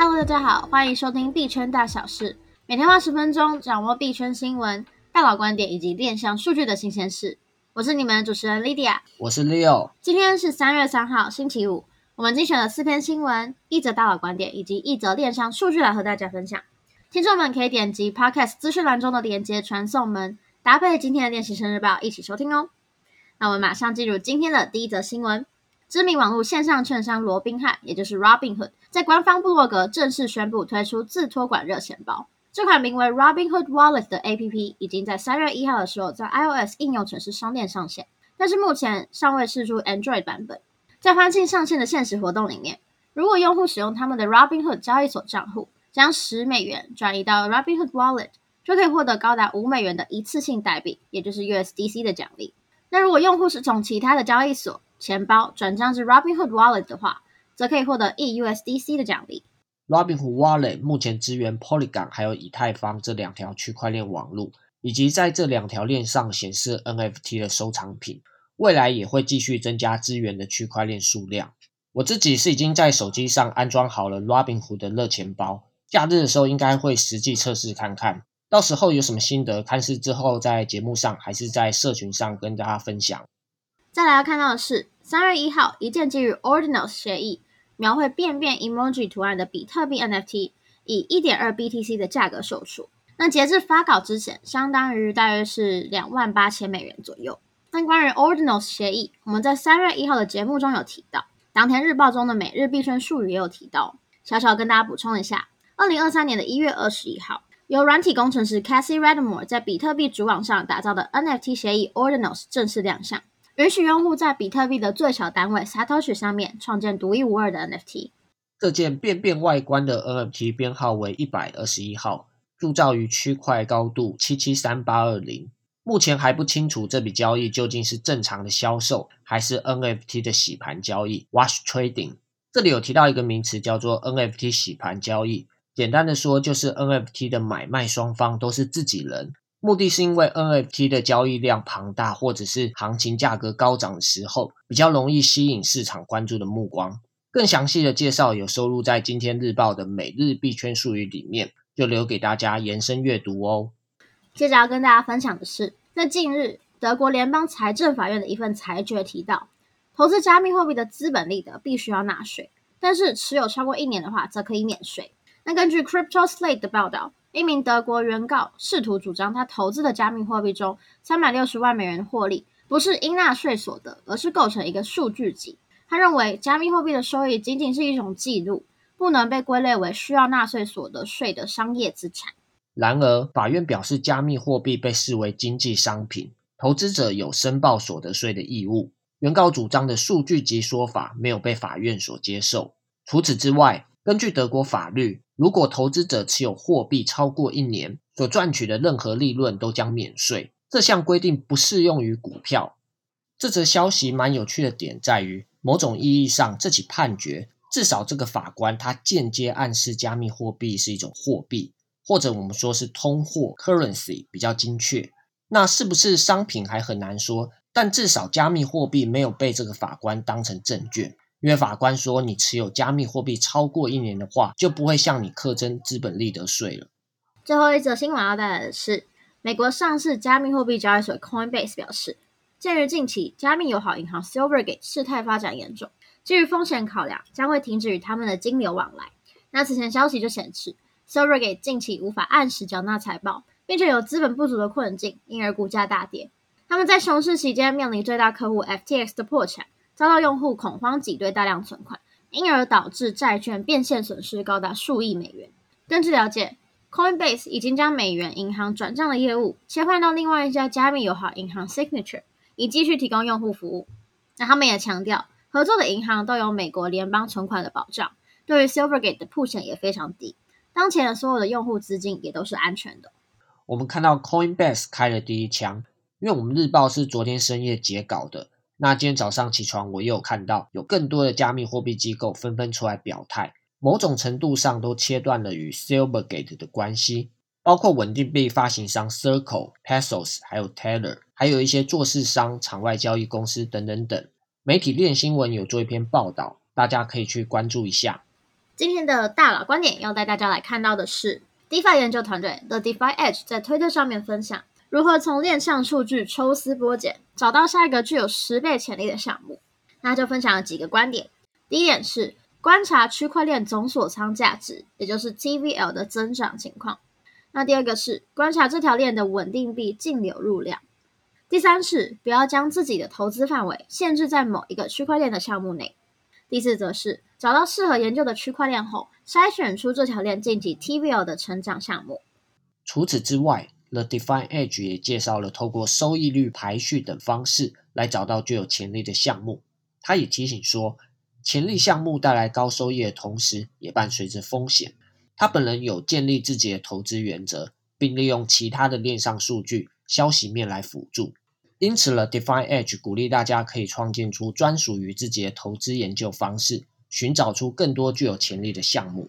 嘍，Hello, 大家好，歡迎收聽幣圈大小事，每天花十分鐘掌握幣圈新聞、大佬觀點以及鏈上數據的新鮮事。我是你們的主持人 Lydia，我是 Leo。今天是三月三號，星期五，我們精選了四篇新聞、一則大佬觀點以及一則鏈上數據來和大家分享。聽眾們可以點擊 Podcast 資訊欄中的連結傳送門，搭配今天的鏈習生日報一起收聽哦。那我們馬上進入今天的第一則新聞。知名網絡線上券商羅賓漢，也就是 Robinhood，在官方部落格正式宣布推出自托管熱錢包。這款名為 Robinhood Wallet 的 APP 已經在三月一號的時候在 iOS 應用程式商店上線，但是目前尚未釋出 Android 版本。在歡慶上線的限時活動裡面，如果用戶使用他們的 Robinhood 交易所賬戶，將十美元轉移到 Robinhood Wallet，就可以獲得高達五美元的一次性代幣，也就是 USDC 的獎勵。那如果用戶是從其他的交易所，錢包轉賬至 Robinhood Wallet 的話，則可以獲得 eUSDC 的獎勵。Robinhood Wallet 目前支援 Polygon 還有以太坊這兩條區塊鏈網路，以及在這兩條鏈上顯示 NFT 的收藏品。未來也會繼續增加支援的區塊鏈數量。我自己是已經在手機上安裝好了 Robinhood 的熱錢包。假日的時候應該會實際測試看看，到時候有什麼心得，看是之後在節目上還是在社群上跟大家分享。再來要看到的是，三月一號，一件基於 Ordinals 協議、描繪便便 emoji 圖案的比特幣 NFT，以一點二 BTC 的價格售出。那截至發稿之前，相當於大約是兩萬八千美元左右。但關於 Ordinals 協議，我們在三月一號的節目中有提到，當天日報中的每日必勝術語也有提到。小小跟大家補充一下：二零二三年的一月二十一號，由軟體工程師 Cassie Redmore 在比特幣主網上打造的 NFT 協議 Ordinals 正式亮相。允許用戶在比特幣的最小單位 Satoshi 上面創建獨一無二的 NFT。這件便便外觀的 NFT 編號為一百二十一號，鑄造於區塊高度七七三八二零。目前還不清楚這筆交易究竟是正常的銷售，還是 NFT 的洗盤交易 （wash trading）。這裡有提到一個名詞叫做 NFT 洗盤交易，簡單的說就是 NFT 的買賣雙方都是自己人。目的是因為 NFT 的交易量龐大，或者是行情價格高漲的時候，比較容易吸引市場關注的目光。更詳細的介紹有收錄在《今天日報》的每日幣圈術語裡面，就留給大家延伸閱讀哦。接着要跟大家分享的是，在近日德國聯邦財政法院的一份裁決提到，投資加密貨幣的資本利得必須要納稅，但是持有超過一年的話，則可以免稅。那根據 Crypto Slate 的報道。一名德國原告試圖主張，他投資的加密貨幣中三百六十萬美元的獲利，不是應納稅所得，而是構成一個數據集。他認為，加密貨幣的收益僅僅是一種記錄，不能被歸類為需要納稅所得稅的商業資產。然而，法院表示，加密貨幣被視為經濟商品，投資者有申報所得稅的義務。原告主張的數據集說法沒有被法院所接受。除此之外，根據德國法律。如果投資者持有貨幣超過一年，所賺取的任何利潤都將免稅。這項規定不適用於股票。這則消息蠻有趣的點在於，某種意義上，這起判決至少這個法官他間接暗示加密貨幣是一種貨幣，或者我們說是通貨 （currency） 比較精確。那是不是商品還很難說，但至少加密貨幣沒有被這個法官當成證券。因為法官說：“你持有加密貨幣超過一年的話，就不會向你課徵資本利得稅了。”最後一則新聞要帶來的是，美國上市加密貨幣交易所 Coinbase 表示，鑑於近期加密友好銀行 Silvergate 事態發展嚴重，基於風險考量，將會停止與他們的金流往來。那此前消息就顯示，Silvergate 近期無法按時繳納財報，並且有資本不足的困境，因而股價大跌。他們在熊市期間面臨最大客戶 FTX 的破產。遭到用戶恐慌擠兌大量存款，因而導致債券變現損失高達數億美元。根據了解，Coinbase 已經將美元銀行轉賬的業務切換到另外一家加密友好銀行 Signature，以繼續提供用戶服務。那他們也強調，合作的銀行都有美國聯邦存款的保障，對於 Silvergate 的曝險也非常低。當前的所有的用戶資金也都是安全的。我們看到 Coinbase 開了第一槍，因為我們日報是昨天深夜截稿的。那今天早上起床，我也有看到有更多的加密貨幣機構紛紛出來表態，某種程度上都切斷了與 Silvergate 的關係，包括穩定幣發行商 Circle、Paxos 還有 Teller 還有一些做市商、場外交易公司等等等。媒體鏈新聞有做一篇報道，大家可以去關注一下。今天的大佬觀點要帶大家來看到的是 DeFi 研究團隊 The DeFi Edge 在推特上面分享。如何從鏈上數據抽絲剝繭，找到下一個具有十倍潛力的項目？那就分享了幾個觀點。第一點是觀察區塊鏈總鎖倉價值，也就是 TVL 的增長情況。那第二個是觀察這條鏈的穩定幣淨流入量。第三是不要將自己的投資範圍限制在某一個區塊鏈的項目內。第四則是找到適合研究的區塊鏈後，篩選出這條鏈近期 TVL 的成長項目。除此之外，那 DeFi Edge 也介紹了透過收益率排序等方式來找到具有潛力的項目。他也提醒說，潛力項目帶來高收益的同時，也伴隨着風險。他本人有建立自己的投資原則，並利用其他的鏈上數據、消息面來輔助。因此呢 DeFi Edge 鼓勵大家可以創建出專屬於自己的投資研究方式，尋找出更多具有潛力的項目。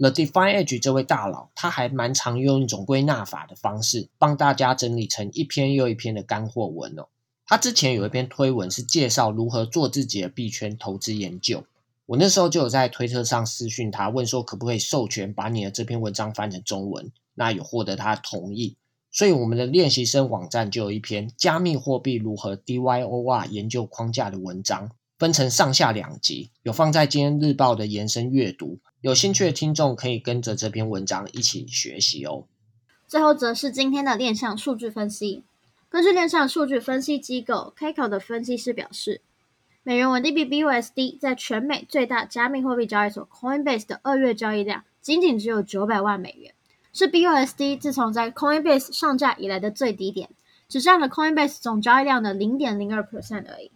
The DeFi Edge 這位大佬，他還蠻常用一種歸納法的方式，幫大家整理成一篇又一篇的乾貨文哦。他之前有一篇推文是介紹如何做自己的幣圈投資研究，我那時候就有在推特上私訊他，問說可不可以授權把你的這篇文章翻成中文，那有獲得他的同意，所以我們的練習生網站就有一篇加密貨幣如何 DYOR 研究框架的文章，分成上下兩集，有放在《今天日報》的延伸閱讀。有興趣的聽眾可以跟着這篇文章一起學習哦。最後則是今天的鏈上數據分析。根據鏈上數據分析機構 Kaiko 的分析師表示，美元穩定幣 BUSD 在全美最大加密貨幣交易所 Coinbase 的二月交易量僅僅只有九百萬美元，是 BUSD 自從在 Coinbase 上架以來的最低點，只占了 Coinbase 總交易量的零點零二 percent 而已。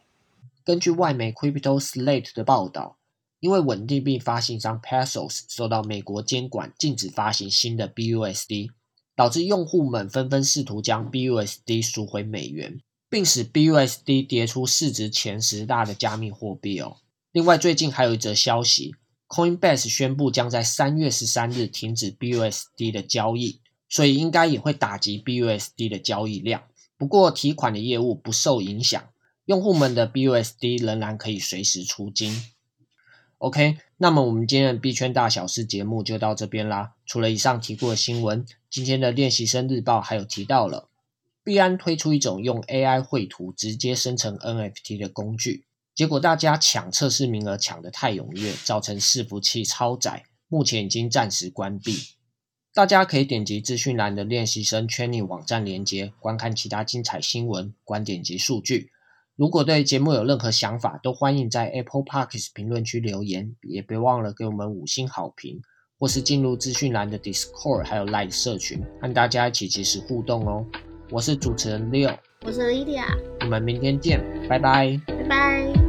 根據外媒 Crypto Slate 的報道。因為穩定幣發行商 Paxos 受到美國監管禁止發行新的 BUSD，導致用戶們紛紛試圖將 BUSD 贖回美元，並使 BUSD 跌出市值前十大的加密貨幣哦。另外，最近還有一則消息，Coinbase 宣布將在三月十三日停止 BUSD 的交易，所以應該也會打擊 BUSD 的交易量。不過，提款的業務不受影響，用戶們的 BUSD 仍然可以隨時出金。OK，那麼我們今天的幣圈大小事節目就到這邊啦。除了以上提過的新聞，今天的鏈習生日報還有提到了幣安推出一種用 AI 繪圖直接生成 NFT 的工具，結果大家搶測試名額搶得太踴躍，造成伺服器超載，目前已經暫時關閉。大家可以點擊資訊欄的鏈習生圈內網站連接，觀看其他精彩新聞、觀點及數據。如果對節目有任何想法，都歡迎在 Apple Podcasts 評論區留言，也別忘了給我們五星好評，或是進入資訊欄的 Discord，還有 LINE 社群，和大家一起即時互動哦。我是主持人 Leo，我是 Lydia，我們明天見，拜拜，拜拜。